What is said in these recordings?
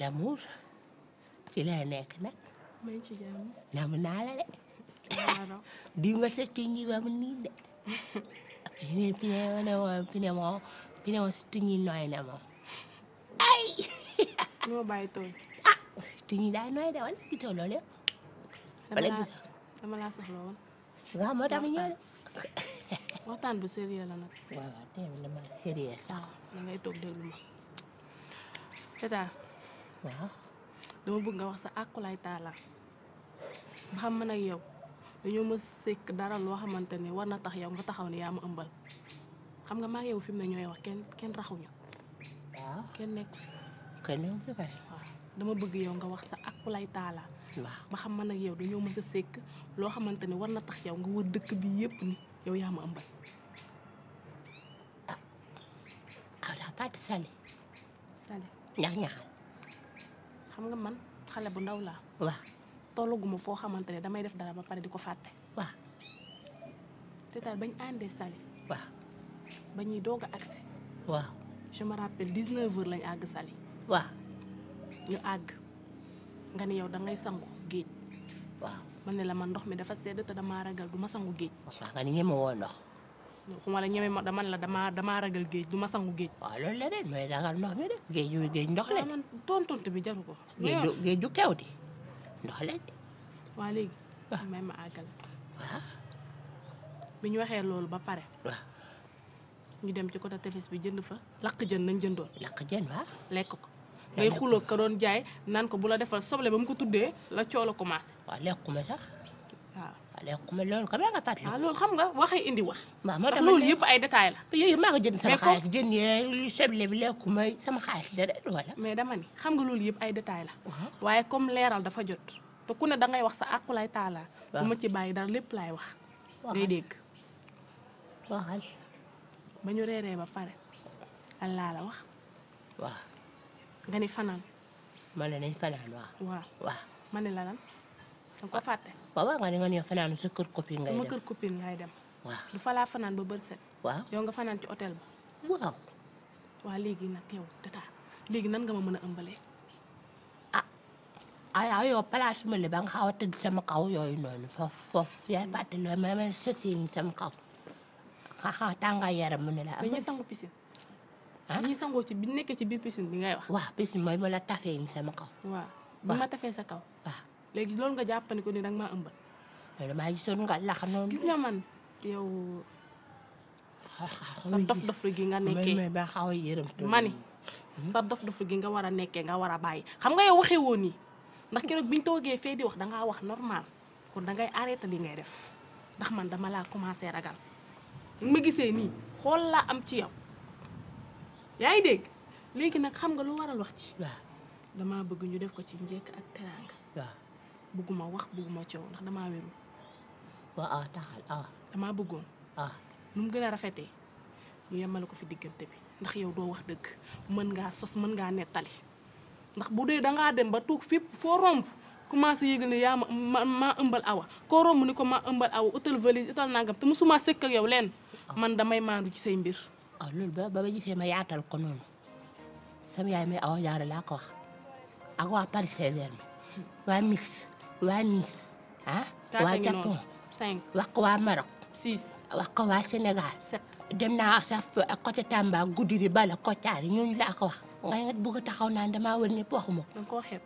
d'amour ci lay nekk nag. maa ngi ci jàmm. nam naa la de. diw nga sa tuñ yi ba mu nii de. pine pine ne woon pine moo pine moo si tuñ yi nooy na moom ay. noo bàyyi tooñ. ah si tuñ yi daal nooy de wala gisoo loolu yow. wala gisoo dama laa soxla woon. waaw moo tax mu ñëw de. waxtaan bu sérieux la nag. waaw waaw tey dama sérieux sax. da ngay toog déglu ma tata waaw dama bëgg nga wax sa àqulaay taala ba xam man ak yow dañoo ma sekk dara loo xamante ne war na tax yow nga taxaw ne yaa ma xam nga maa yow fi mu ne ñooy wax kenn kenn raxuñu. waaw kenn kenn nekk bëgg yow nga wax sa àqulaay taala. waaw xam man ak yow dañoo mës a sekk loo xamante ne war na tax yow nga wër dëkk bi yëpp ni yow yaa ma ëmbal. ah ah daa fàtte Sali. Sali xam nga man xale bu ndaw laa. waaw tollaguma foo xamante ne damay def dara ba pare di ko fàtte. waaw. cest à bañ àndee sali waaw ba ñuy doog a agsi. waaw je me lañ àgg sali waaw ñu àgg nga ni yow da ngay sangu géej. waaw man ne la man ndox mi dafa sedd te damaa ragal du sangu géej. waaw nga ni ñeme woo ndox. xuma la ñeme ma dama la damaa damaa ragal géej du ma sangu géej. waaw loolu leneen mooy ragal ndox géej yu géej ndox la. Ah, man tontonte bi jaru ko. géej ju géej ju ndox la de. waa léegi. Ah. may ma àggal. waaw. bi waxee loolu ba pare. waaw. ñu dem ci côté tefes bi jënd fa. lakk jën nañ jëndoon. lakk jën waaw. lekk ko. ngay xuloo ka doon jaay naan ko bu la defal soble ba mu ko tuddee la coow coola commencé. waaw ma sax lekku ah, ma loolu kam yaa nga fàttali. waaw xam nga waxee indi wax. waaw moo tax loolu yëpp ay détails la. yooyu maa ko jënd sama xaalis jën yee seble bi lekku may sama xaalis dara wala. mais dama ni xam nga loolu yëpp ay détails la. waaye comme leeral dafa jot te ku ne da ngay wax sa àqulaay taala. bu ma ci bàyyi dara lépp laay wax. day dégg. ba ñu reeree ba pare. allah la wax. waaw. nga ni fanaan. ma nañ fanaan waaw. waaw la lan nga ko ah. fàtte. ko waaw nga ne nga sa kër copine. ngay dem sama kër copine ngay dem. waaw du falaa fanaan ba bët set. waaw nga fanaan ci hôtel ba. waa léegi nag yow Tata léegi nan nga ma mën a ëmbalee. ah aywa ah, ah, yow place bi ba nga xaw a tëdd sama kaw yooyu noonu foofu foofu yaay fàttali ma ma ma sës kaw xaaxa tàngaay yaram mu ne la. am na sangu piscine. ah ñi sangoo ci bi nekkee ci biir piscine bi ngay wax. waaw piscine mooy ma la tafee sama kaw. waaw bi sa kaw. léegi loolu nga jàpp ne ko ni danga maa ëmbal. loolu eh, maa gisoon nga gis nga man yow. sa dof dof gi nga nekkee may ba xaw a yërëm mani sa dof dof gi nga war a nekkee nga war a bàyyi xam nga yow waxee woon nii ndax keroog biñ toogee fee di wax dangaa wax normal kon dangay arrêté li ngay def ndax man dama laa commencé ragal ma gisee nii xool laa am ci yow yaa ngi dégg léegi nag xam nga lu waral wax ci. waaw damaa bëgg ñu def ko ci njëkk ak teraanga. waaw. bëgguma wax bëgguma coow ndax damaa wérul. waaw ah taxal ah. damaa bëggoon. ah gën a rafetee ñu ko fi diggante bi ndax yow doo wax dëgg mën ngaa sos mën ngaa nettali ndax bu dee da dem ba tuug fépp foo romb commencé yëgal yaa ma ma ëmbal awa koo romb ni ko ma ëmbal awa utal valise utal nangam te mosuma sëkk ak yow leen ah. man damay maandu ci say mbir. waaw ah, loolu ba ba gisee ma yaatal ko noonu sama yaay may awa jaara laa ko wax ak waa Paris Saint-Germain hmm. waa mix waa Nice a waa Japon cinq wax ko waa Maroc. six wax ko waa Sénégal. sept dem naa sax côté Tamba Goudiri Bala Kotiari ñooñu laa ko wax. Oh. waaye nga bëgg a taxaw naan damaa wër ñëpp waxuma ko. da nga koo xeeb.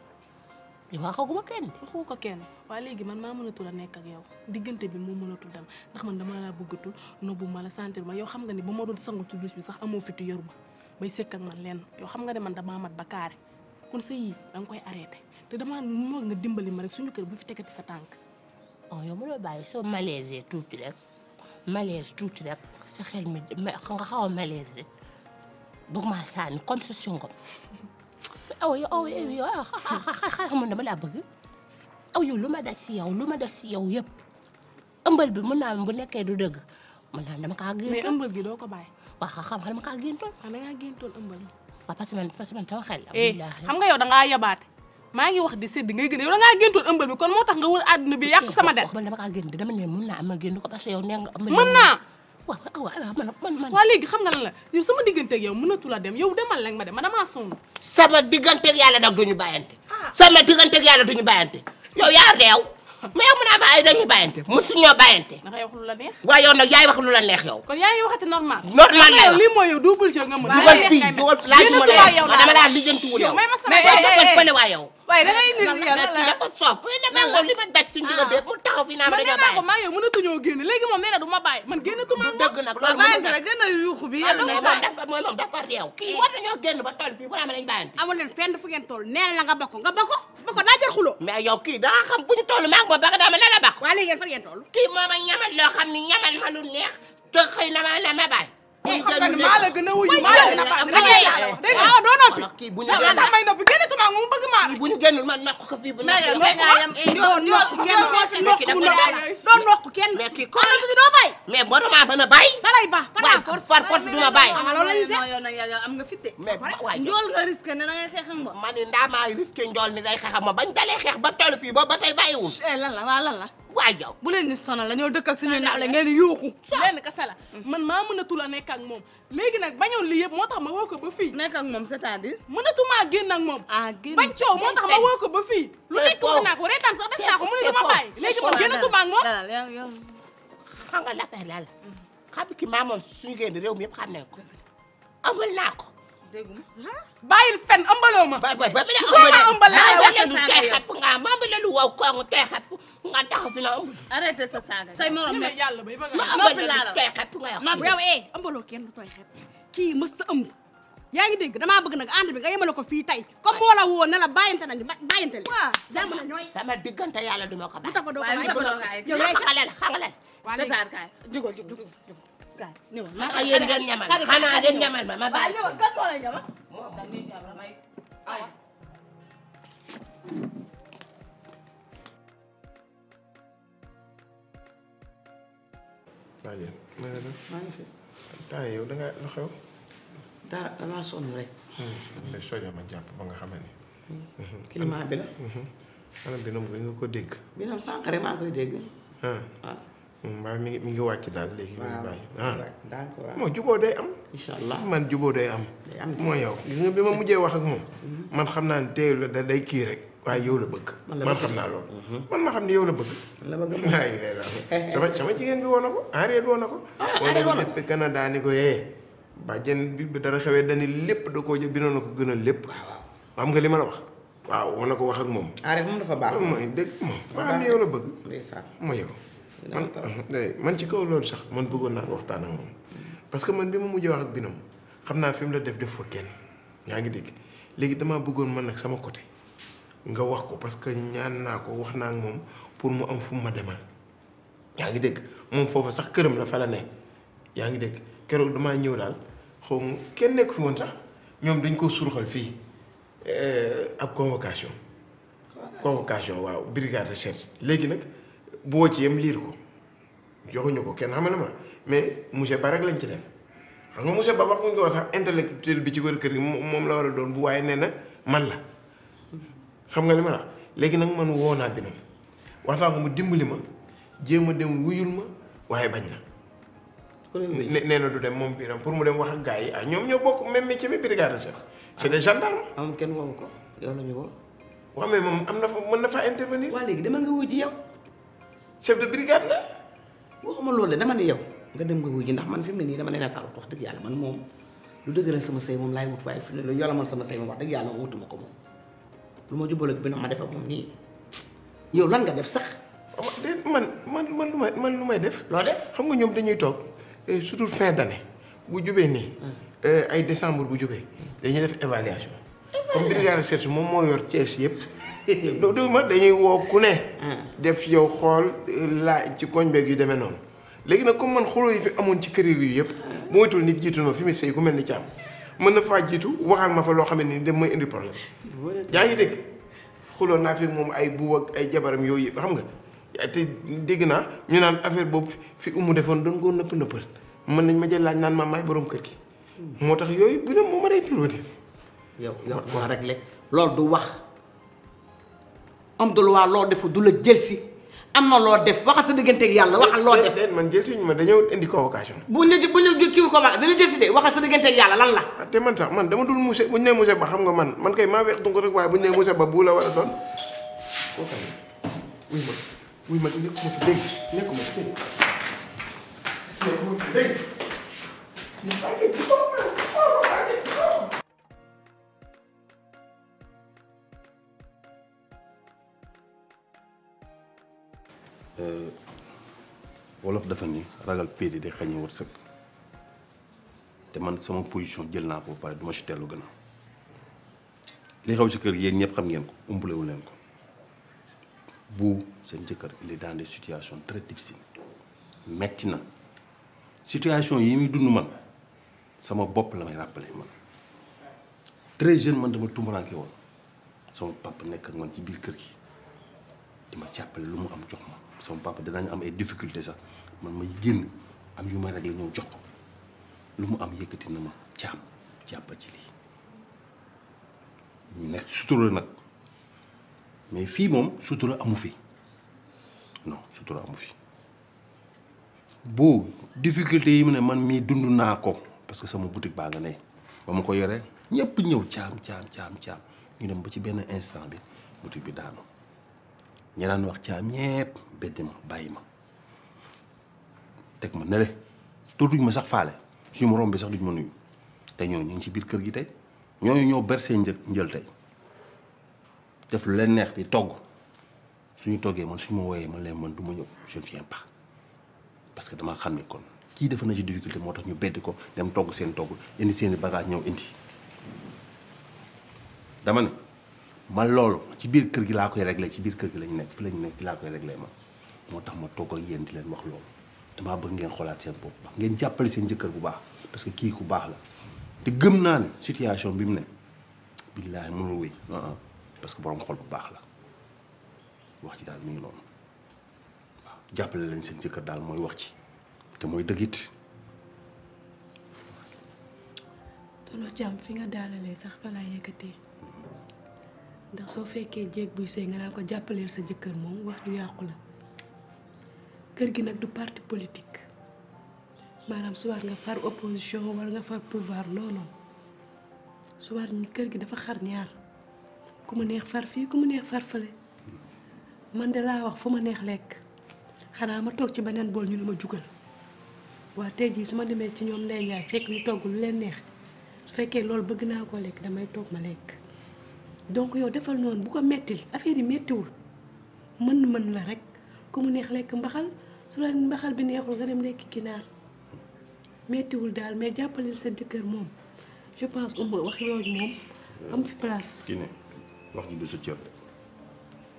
li waxaguma kenn. waxu ko kenn waa léegi man maa mënatul a nekk ak yow diggante bi moo mënatul dem ndax man dama laa bëggatul nobbu ma la sentir ma yow xam nga ni ba ma doon sangu ci douche bi sax amoo fitu yoruma bay sekk ak man lenn yow xam nga ne man damaa mat ba kaare. kon sa yii da nga koy arrêté te dama moo nga dimbali ma rek suñu kër bu fi tegati sa tànk. oh yow mënoo bàyyi soo malaise tuuti rek malaise tuuti rek sa xel mi nga xaw a malaise bëgg maa sànni comme sa sungom aw yow aw yow xaaral man dama laa bëgg aw yow lu ma daj si yow lu ma daj si yow yëpp ëmbal bi mën naa bu nekkee du dëgg mën naa dama kaa géntoon mais ëmbal gi doo ko bàyyi. waaw xam-xam dama kaa géntoon. waaw ah, da ngaa géntoon ëmbal waaw parce que man parce que man sama xel la. Eh, xam nga yow da ngaa yabaate ngi wax di sedd ngay gën yow da ngaa géntoon ëmbal bi kon moo tax nga wër àdduna bi yàq sama der. man dama kaa génn dama ne mën naa am ma génn ko parce que yow nee nga. mën naa waaw la yow sama digganteeg yow mënatu la dem yow demal ma dem ma damaa sama digganteeg yàlla nag duñu bàyyante. Ah. sama digganteeg yàlla duñu bàyyante yow mais yow mu naa ba ay dañuy bàyyante mosuñoo bàyyante. da ngay wax lu la neex. waaw yow nag yaay wax lu la neex yow. kon yaa ngi waxati normal. normal la yow lii mooy yow double jeu nga mën. waaye yow dugal fii dugal laajuma la yow dama laa lijjantiwul yow. mais yow waaye da ngay indi yàlla la la ko soof moom li ma daj si diggante pour taxaw fi naa ma danga bàyyi ko maa yow mënatuñoo génn léegi moom nee na du ma bàyyi man génnatuma ak moom dëgg nag loolu bàyyi la gën a yuuxu bi yàlla mooy moom dafa réew kii war nañoo génn ba toll fii bu amee lañ bàyyante amul leen fenn fu ngeen toll nee na nga bokk nga bokk bokk daa jël xuloo mais yow kii daa xam bu ñu toll maa ngi ba bëgg daa ma ne la bokk waa léegi fan ngeen toll kii moom a ñamal loo xam ni ñamal ma lu neex te xëy na ma la ma bàyyi maa la gën a wuyu maa la gën a baax dégg ah, ah, bu ñu génn ndax may noppi génn tuma mu bëgg maa bu ñu génnul man naq ko fii bu ñu génn doo nokk kenn nokku doo nokk kenn bay mais boo dama mën a bay dalay baax par force bay ah, am nga fitte mais waay njool nga risque ne da ngay xeex ak ma ma xeex ba toll fii boobu ba tey bàyyiwul eh, lan la waay yow bu leen ni sonal la ñoo dëkk ak suñuy naawle ngeen yuuxu lenn ka sala man maa mënatul a nekk ak moom léegi nag bañoon li yëpp moo tax ma woo ko ba fii nekk ak moom c'est-à-dire mënatumaa génn ak moom ah génn bañ coow moo tax ma woo ko ba fii lu eh, nekk wax naa ko reetaan sax def naa ko mu ne dama bàyyi léegi man génnatuma ak moom xam nga l'affaire la la xam ki maa moom suñu génn réew mi yëpp xam nañ ko dégguma bàyyil fen ëmbaloo ma. ba ba ba bi la ëmbalee waaw kooku tey xap nga taxaw fi la ëmb. arrêté sa saaga. say morom ma yàlla bay a. ma ëmbalee tey xap nga wax. non yow eh ëmbaloo kenn du tooy xep yaa ngi dégg damaa bëgg nag ànd bi nga yemale ko fii tey comme moo la woo ne la bàyyante nañu bàyyante leen. waaw jàmm na ñooy. sama diggante yàlla du ma ko bàyyi. bu tax ba doo kaay ñëwal ma xanaa yéen ngeen ñamal xanaa ngeen ñamal ma ma bàyyi. waaw ñëwal kan moo lay ñamal. waaw yéen ma ne la maa ngi fi. temps yow da nga lu xew. dara damaa sonn rek. mais soja ma jàpp ba nga xam ne. climat bi la. Hmm. maanaam bi nga ko dégg. bi nga sànq rek maa ngi koy dégg. waaw. Ah. Ah. Mm, mbaa mi ngi mi ngi wàcc daal léegi. waaw ah. waaw d'accord moo juboo day am. incha man juboo day am. moo yow gis nga bi ma mujjee wax ak moom. Mm-hmm. man xam naa ne teew day kii rek. waaye yow la bëgg. man xam naa loolu. Mm-hmm. man ma xam ne yow la bëgg. la bëgg ay ay sama sama jigéen ko Henriette na ko. Henriette woo ko ah, Canada ni ko yee. Eh, bi dara xewee dani lépp da koo jël lépp. xam nga li ma la wax. waaw woo ko wax moom. Henriette dafa baax. mooy dëgg moom. ma xam ne yow man man ci kaw loolu sax man bëggoon naa nga waxtaan ak moom. parce que man bi ma mujjee wax ak binam xam naa fi mu la def def fa kenn yaa ngi dégg léegi damaa bëggoon man nag sama côté nga wax ko parce que ñaan naa ko wax naa ak moom pour mu am fu ma demal. yaa ngi dégg moom foofa sax këram la fa la ne yaa ngi dégg keroog damaa ñëw daal xaw ma kenn nekk fi woon sax ñoom dañ ko surxal fii euh, ab convocation. convocation waaw brigade recherche léegi nag. boo ci yem liir ko joxuñu ko kenn xamal ma mais monsieur Ba rek lañ ci def xam nga monsieur Ba wax nga ko sax intellectuel bi ci wër kër gi moom la war a doon bu waaye nee na man la xam nga li ma la léegi nag man woo naa binam waxtaan ko mu dimbali ma jéem a dem wuyul ma waaye bañ na. nee na du dem moom biram pour mu dem wax ak gars yi ah ñoom ñoo bokk même métier mi brigade recherche c'est des gendarmes. am ah, ko yow la ñu woo. waaw mais moom am na fa mën na faa intervenir. waa léegi dama nga wuy ji yow. chef de brigade la waxuma loolu de dama ne yow nga dem nga wuy ji ndax man fi mu ne nii dama ne nataal wax dëgg yàlla man moom lu dëgëral sama sëy moom laay wut waaye fi mu ne lu yolamal sama sëy moom wax dëgg yàlla moom wutuma ko moom lu ma jubaloog bi na ma def ak moom nii yow lan nga def sax oh, man man man lu may man lu may def loo def xam nga ñoom dañuy toog eh, surtout fin d'année bu jubee nii hmm. eh, ay décembre bu jubee dañuy def évaluation comme brigade recherche moom moo yor Thiès yëpp dégg ma dañuy woo ku ne. Ah. def yow xool laaj ci koñ beeg yu demee noonu. léegi nag comme man xuloo yi fi amoon ci kër yi yëpp. moytul nit jiitu ma fi muy sëy ku mel ni Thiam mën na faa jiitu waxal ma fa loo xam ne nii dem mooy indi problème. yaa ngi dégg xuloo naa fi moom ay buub ay jabaram yooyu xam nga. te dégg naa ñu naan affaire boobu fi umu defoon doon ko nëpp nëppal mën nañ ma jël laaj naan ma may boroom kër gi moo tax yooyu bu ne moo ma day pirwate yow le loolu du wax homme de loi loo defu du la jël si am na loo def waxal sa digganteeg yàlla waxal loo def man jël ñu ma dañoo indi convocation. buñ la buñ la kii convocation dina jël de waxal sa digganteeg yàlla lan la. te man sax man dama dul monsieur buñ nee monsieur Ba xam nga man man kay maa weex donc rek waaye buñ nee monsieur Ba bu la war a doon Euh, wolof dafa ni ragal péedi day xañe wërsëg te man sama position jël naa ko pare duma ma si tellu gannaaw li xew si kër yéen ñëpp xam ngeen ko umbalewu leen ko bu seen jëkkër il est dans des situations très difficiles metti na situation yi muy dund man sama bopp la may rappelé man très jeune man dama tumbaranke woon sama papa nekk ak man ci biir kër gi di ma càppale lu mu am jox ma sama papa danañ am ay difficulté sax man ma génn am yu ma réglé ñëw jox lu mu am yëkkati na ma caam jàppa ci lii ñu ne sutura nag mais fii moom sutura amu fi non amu fi bu difficulté yi mu ne man mii dund naa ko parce que sama boutique baa nga ne ba ma ko yoree ñëpp ñëw caam caam caam caam ñu dem ci benn instant bi boutique bi daanu ñi daan wax caam ñépp beddi ma bàyyi ma teg ma nele duñ ma sax faale suñu morom bi sax duñ ma nuyu te ñooñu ñu ngi ci biir kër gi tey ñooñu ñoo berse njël njël tey def lu leen neex di togg suñu toggee man suñu ma wooyee man leen man du ma ñëw je ne viens pas parce que dama xam ne kon kii defe na ci difficulté moo tax ñu beddi ko dem togg seen togg indi seeni bagage ñëw indi dama ne man loolu ci biir kër gi laa koy réglé ci biir kër gi lañu nekk fi lañu nekk fi laa koy réglé ma moo tax ma toog ak yéen di leen wax loolu damaa bëgg ngeen xoolaat seen bopp baax ngeen jàppale seen jëkkër bu baax parce que kii ku baax la te gëm naa ne situation bi mu ne billaahi mënul wéy ah, ah. parce que borom xol bu baax la wax ji daal mi ngi noonu jàppale leen seen jëkkër daal mooy wax ci te mooy dëggit te lu fi nga daalalee sax fa laa yëkkatee ndax soo fekkee jéeg buy sëy nga naa ko jàppaleel sa jëkkër moom wax ju yàqu la kër gi nag du parti politique maanaam su war nga far opposition war nga far pouvoir non non su war kër gi dafa xar ñaar ku mu neex far fii ku mu neex far fële man de laa wax fu ma neex lekk xanaa ma toog ci beneen bool ñu ne ma jugal waa tey jii su ma demee ci ñoom ndey yaay fekk ñu togg lu leen neex su fekkee loolu bëgg naa koo lekk damay toog ma lekk donc yow defal noonu bu ko mettil affaire yi méttiwul mën-mën la rek ku mu neex lekk mbaxal su la mbaxal bi neexul nga dem lekk ginaar méttiwul daal mais jàppaleel sa jëkkër moom je pense uma wax yooyu moom am fi place. wax ji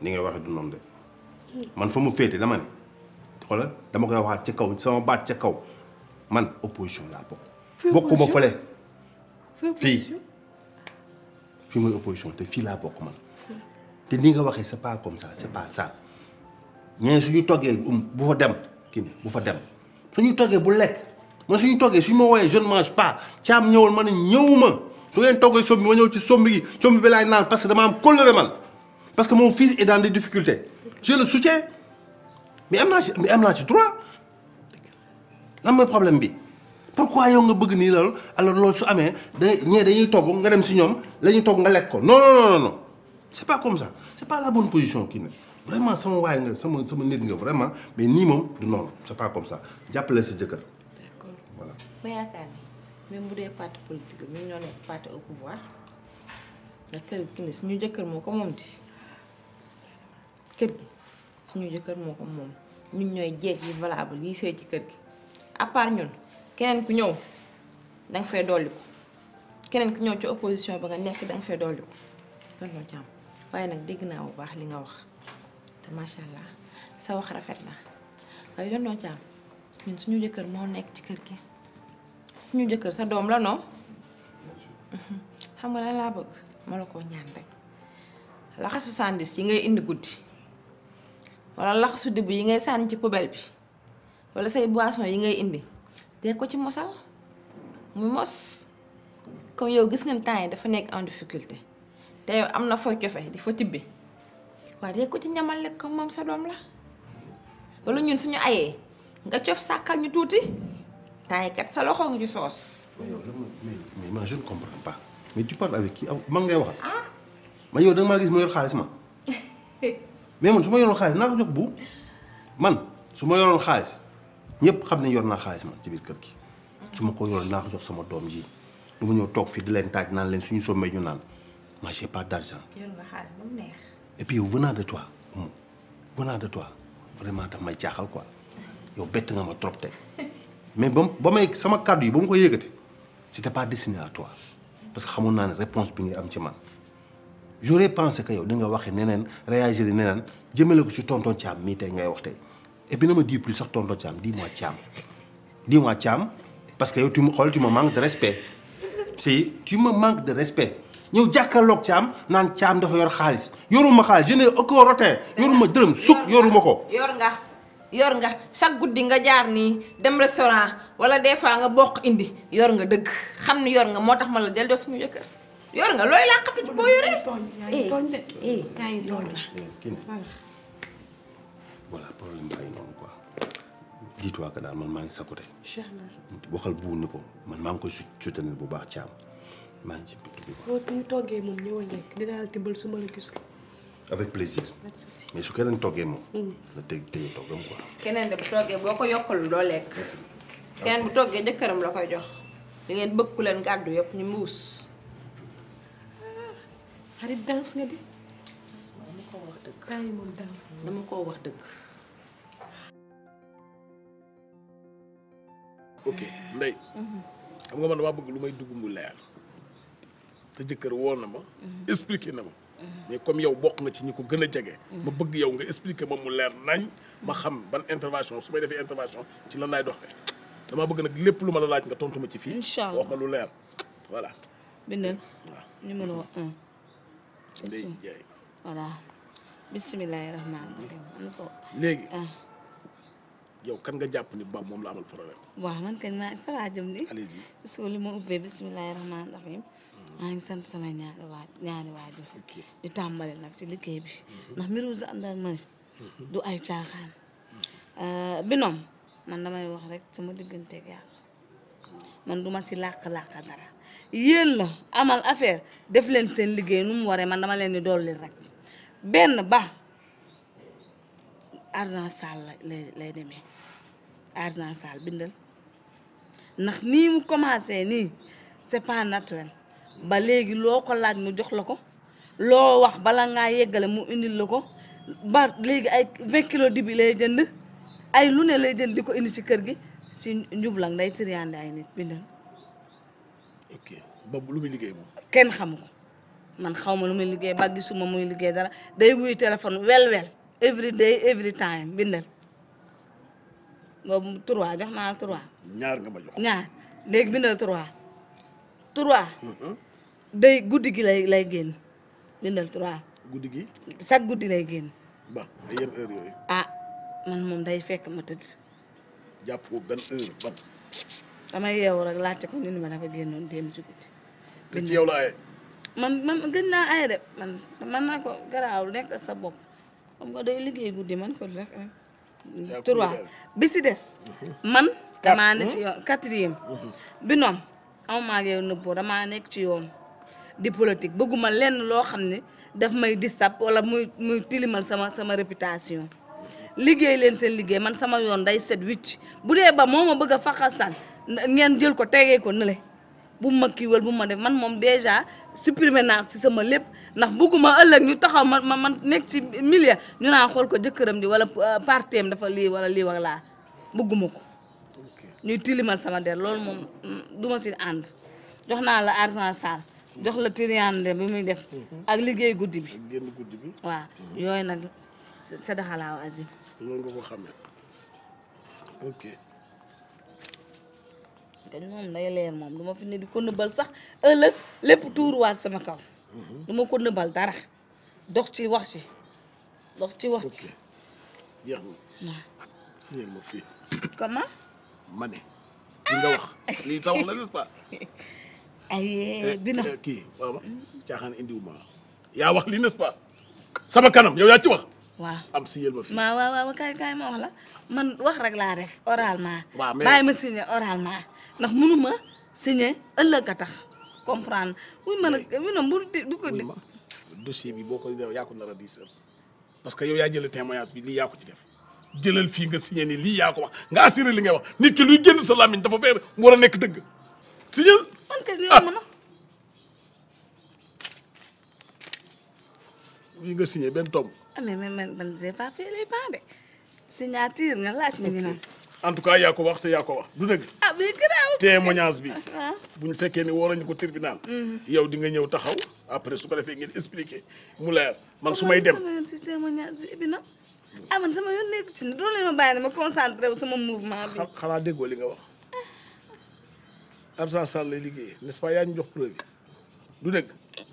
ni nga waxee du noonu de hmm. man fa mu féete dama ne xoolal dama koy waxaat ci kaw sama baat ca kaw man opposition laa bokk. bokkuma fële fii. fii mooy opposition te fii laa bokk man te ni nga waxee c'est pas comme ça c'est pas ça ñee suñu toggee um bu fa dem kii ne bu fa dem suñu toggee bu lekk man suñu toggee suñu ma wooyee je ne mange pas caam ñëwal ma ne ñëwuma su ngeen toggee sombi ma ñëw ci sombi gi sombi bi laay naan parce que dama am kóllëre man parce que moo fils est dans des difficultés je le soutiens mais am na ci mais am naa ci droit lan mooy bi pourquoi yow nga bëgg nii loolu alors loolu su amee da ñee dañuy togg nga dem si ñoom la ñuy togg nga lekk ko non non non non c'est pas comme ça c'est pas la bonne position kii nag vraiment sama waay nga sama sama nit vraiment mais nii moom du noonu c'est pas comme ça jàppale sa jëkkër. voilà. même bu dee parti politique bi ñoo nekk parti au pouvoir ndax kër moo ko moom ci kër gi suñu jëkkër moo ko moom ñun ñooy jeeg yi valable yi sëy ci kër gi à part ñun. keneen ku ñëw danga fay dolli ko keneen ku ñëw ci opposition ba nga nekk danga fay dolli ko tonton Thiam waaye nag dégg naa bu baax li nga wax te macha allah sa wax rafet la waaye tonton Thiam ñun suñu jëkkër moo nekk ci kër gi suñu jëkkër sa doom la noo xam nga lan laa bëgg ma la koo ñaan rek laxasu sandis yi ngay indi guddi wala laxasu dibb yi ngay sànni ci poubelle bi wala say boisson yi ngay indi dee ko ci mosal mu mos comme yow gis nga ngeen temps yi dafa nekk en difficulté te am na fooy cofe di fa tibbi waaye dee ko ci ñamal lekk comme moom sa doom la wala ñun suñu ayee nga cof sàkkal ñu tuuti temps yi sa loxo nga soos. mais yow mais man je ne pas ah, man ngay wax. ah man yow da nga maa gis ma yor xaalis ma mais man su ma yoroon xaalis naa ko jox bu man su ma yoroon xaalis. ñëpp xam ne yor naa xaalis man ci biir kër gi su ma ko yor naa ko sama doom ji du ma ñëw toog fii di leen taaj naan leen suñu sommee ñu naan moi j'ai pas d'argent. yor nga xaalis ba mu neex. et puis yow de toi moom venant de toi vraiment daf quoi yow bett nga ma trop te mais ba ba may sama kàddu yi ba mu ko yëkkati c'était pas destiné à toi parce que xamoon naa ne réponse bi nga am ci man j'aurais pensé que yow di nga waxee neneen réagir neneen jëmale ko ci tonton Thiam mii te ngay wax tey. et ma ne plus sax tonton Thiam dis-moi Thiam dis-moi Thiam parce que yow tu me xool tu me manques de respect si tu me manques de respect ñëw jàkkaarloog Thiam naan Thiam dafa yor xaalis yoruma xaalis je n'ai aucun rotin yoruma dërëm suk ko. yor nga yor nga chaque guddi nga jaar nii dem restaurant wala des fois nga bokk indi yor nga dëgg xam ni yor nga moo tax ma la jël doo suñu jëkkër yor nga looy laa xam ne boo yoree. de eh, eh, yaa nga. voilà problème bàyyi noonu quoi dis-toi que daal man maa ngi sa côté. incha allah waxal bu ni ko man maa ngi koy soutenir bu baax caam maa ngi ci bitti bi quoi. boo ñu toggee moom ñëwal nekk dinaa la tibbal su ma la gisul. avec plaisir. mais su keneen toggee moom. Hmm. la tey tey toggam quoi. keneen de bu toggee boo ko yokkul doo lekk. keneen bu toggee jëkkëram la koy jox. da ngeen bëgg ku leen gàddu yëpp ñu muus. xarit ah, danse nga di. dëgg dama koo wax dëgg ok ndey xam nga man damaa bëgg lu may dugg mu leer te jëkkër woon na ma expliqué na ma mais comme yow bokk nga ci ñi ko gën a jege ma bëgg yow nga expliqué ma mu leer nañ ma xam ban intervention su may defee intervention ci lan dox doxee damaa bëgg nag lépp lu ma la laaj nga tontuma ci fii incha allah leer voilà bindal numéro un bisimilahi rahmaani rahiim ko. Ah. nga jàpp ni Bab moom la amal man kañ maa fa laa jëm ni. allez-y soo li ma ubbee bisimilahi rahmaani rahiim. Hmm. maa ngi sant sama ñaari waa ñaari waajur. di tàmbali nag ci liggéey bi. Hmm. ndax mbiru gendarmerie. Hmm. du ay caaxaan. Euh, binom man wax rek sama digganteeg yàlla man duma ci làq-làq dara amal affaire def leen seen liggéey nu mu waree man dama leen di dolli rek. benn ba argent sale la lay demee argent sale bindal ndax nii mu commencé ni c'est pas naturel ba léegi loo ko laaj mu jox la ko loo wax bala ngaa yeggale mu indil la ko ba léegi ay vingt kilos dibi lay jënd ay lu ne lay jënd di ko indi ci kër gi si njublang day tiriyaande ay nit bindal ok ba lu muy liggéey moom kenn xamu ko man xaw ma lu muy liggéey ba gisuma muy liggéey dara day wuy téléphone wel-wel every day every time bindal boobu trois jox naa la trois. bindal trois. trois. Mm-hmm. day guddi gi lay lay génn bindal trois. guddi gi. sax guddi lay génn. Ah, man moom day fekk ma tëdd. jàpp ko ban heure ko ni ma dafa génnoon démb ci guddi. te ci yow man man gëj naa ay de man man naa ko garaawul nekk sa bopp xam nga day liggéey guddi man ko rek trois bi si des mhm. man damaa ne ci mhm. yoon quatrième mhm. bi noom aw maa ngi nëbboo damaa nekk ci yoon di politique bëgguma lenn loo xam ne daf may distab wala muy muy tilimal sama sama réputation liggéey leen seen liggéey man sama yoon day set wicc bu dee ba moo ma bëgg a faxasaan ngeen jël ko tegee ko nële bu ma kiiwal bu ma def man moom déjà supprimer naa si sama lépp ndax bugguma ëllëg ñu taxaw ma ma man nekk ci milieu ñu naan xool ko jëkkëram di wala euh, parteem dafa lii wala lii wala laa bugguma ko ñuy tilimal sama der loolu moom mm, du ma si ànd jox naa la argent sale jox la triande bi muy def mhm. ak liggéey guddi bi génn guddi yooyu nag sadaxalaaw azim loolu nga ko feeñ moom day leer moom du ma fi ne di ko nëbbal sax ëllëg lépp tuuruwaat sama kaw mm-hmm. du ma ko nëbbal dara dox dox ci wax ci jeex na signéel ma fii comment ma ne li nga wax lii sa wax la n'est-ce pas ay eh, bina eh, kii waaw ma yaa wax lii n'est-ce pas sama yaa ci wax waaw am signéel ma fii waaw waaw waaw kaay kaay ma wax la man wax ndax mënuma signé ëllëg a tax comprendre wuy man a mi nom bu du ko dossier bi boo ko yaa ko nar a diisal parce que yow yaa jël témoignage bi lii yaa ko ci def jëlal fii nga signé ni lii yaa ko wax nga assuré li ngay wax nit ki luy génn sa làmmiñ dafa beer mu war a nekk dëgg signal ah. nga signé benn tomb ah mais mais man laaj ma ñu en tout cas yaa ko wax te yaa wax du dëgg. ah mais grave témoignage bi. Ah. bu ñu fekkee ne woo nañu ko tribunal. Mhm. yow di nga ñëw taxaw après su ko defee ngeen expliqué mu leer man su may dem. ah man sama yoon nekk ci ah, ne doo leen ma bàyyi ma concentré wu sama mouvement bi. xanaa déggoo li nga wax. Absa Sall lay liggéeyee n'est-ce pas yaa ñu jox preuve du dëgg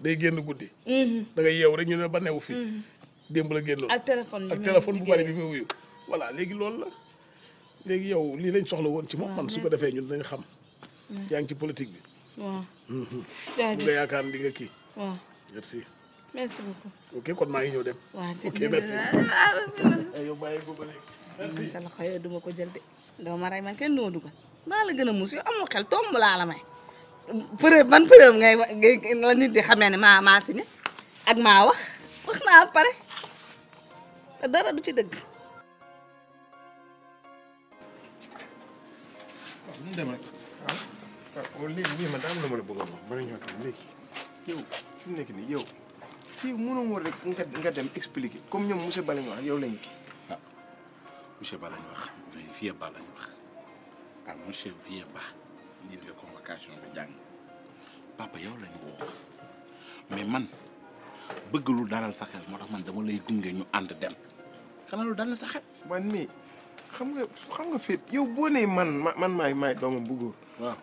day génn guddi. Mhm. danga ngay rek ñu ne ba new fi. Mhm. démb la génnoon ak téléphone bi ak téléphone bu bari bi muy wuyu. voilà léegi loolu la. léegi yow lii lañ soxla woon ci moom ah, man su ko defee ñun dañ xam mm. yaa ngi ci politique bi waaw mm-hmm. jaajëf nga yaakaar maa ngi ñëw dem ah, ah, eh, ko ba léegi ma rey man maa a muus yow amul xel tomb laa la may preuve nit di xamee ne maa maa si ne ak maa wax wax naa pare dara du ci dëgg dem rek. ah waaw ah, léegi la bëgg a wax wax léegi yow fi mu nekk nii yow yow mënoo woon rek nga nga dem expliquer comme ñoom monsieur la ñu wax yow lañu kii. ah Ba la ñu wax mais Vieux Ba ñu wax ah monsieur yow lañu man bëgg lu dalal sa xel moo tax man dama lay gunge ñu ànd dem xanaa lu dalal sa xel. man mii. xam nga xam nga fit yow boo nee man man maay maay doomam bu góor.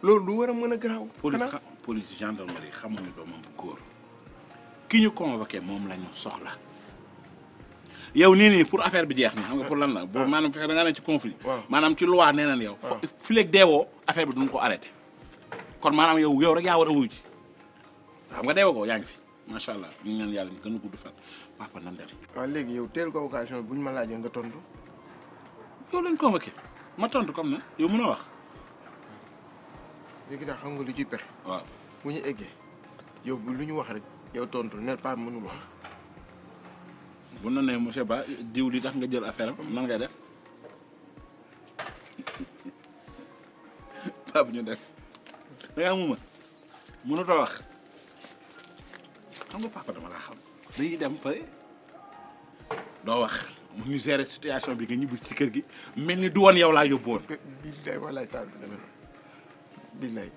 loolu du war a mën a garaaw. police police gendarmerie xamuñu doomam bu góor ki ñu convoqué moom la ñu soxla. yow nii nii pour affaire bi jeex na xam nga pour lan la. waaw ah. maanaam fexe da ngaa ne ci conflit. maanaam ci loi nee nañ yow. waaw ah. fi léegi deewoo affaire bi duñ ko arrêté. kon maanaam yow yow rek yaa war a wuyu ji xam nga deewoo ko yaa ngi fi macha allah ñu ngi ñaan yàlla ñu gën a gudd fan papa nan dem. Ah, yow teel ko occasion buñ ma laajee nga tontu. yow lañ convoqué ma tontu comme ne yow mën a wax. léegi daal xam nga lu ci pexe. waaw bu ñu eggee yow bu lu ñu wax rek yow tontu ne pas mënul wax. bu na ne monsieur Ba diw li tax nga jël affaire am nan ngay def paa bu ñu def da ngaa muma a wax xam nga papa dama laa xam dañuy dem pare doo wax. bu ñu gérer situation bi nga ñibbi ci kër gi mel ni du woon yow laa yóbbu woon. billaay walaay taal bi dama billaay.